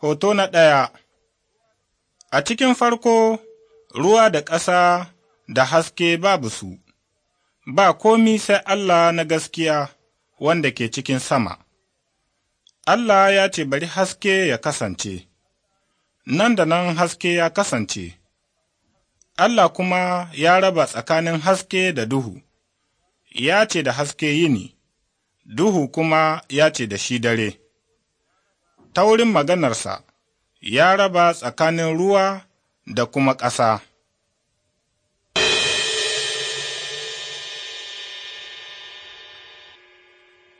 Hoto na ɗaya A cikin farko, ruwa da ƙasa da haske babu su, ba komi sai Allah na gaskiya wanda ke cikin sama. Allah ya ce bari haske ya kasance, nan da nan haske ya kasance, Allah kuma ya raba tsakanin haske da duhu, ya ce da haske yini, duhu kuma ya ce da shi dare. ta wurin maganarsa ya raba tsakanin ruwa da kuma ƙasa.